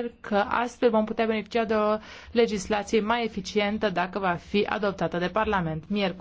sper că astfel vom putea beneficia de o legislație mai eficientă dacă va fi adoptată de Parlament. Miercuri.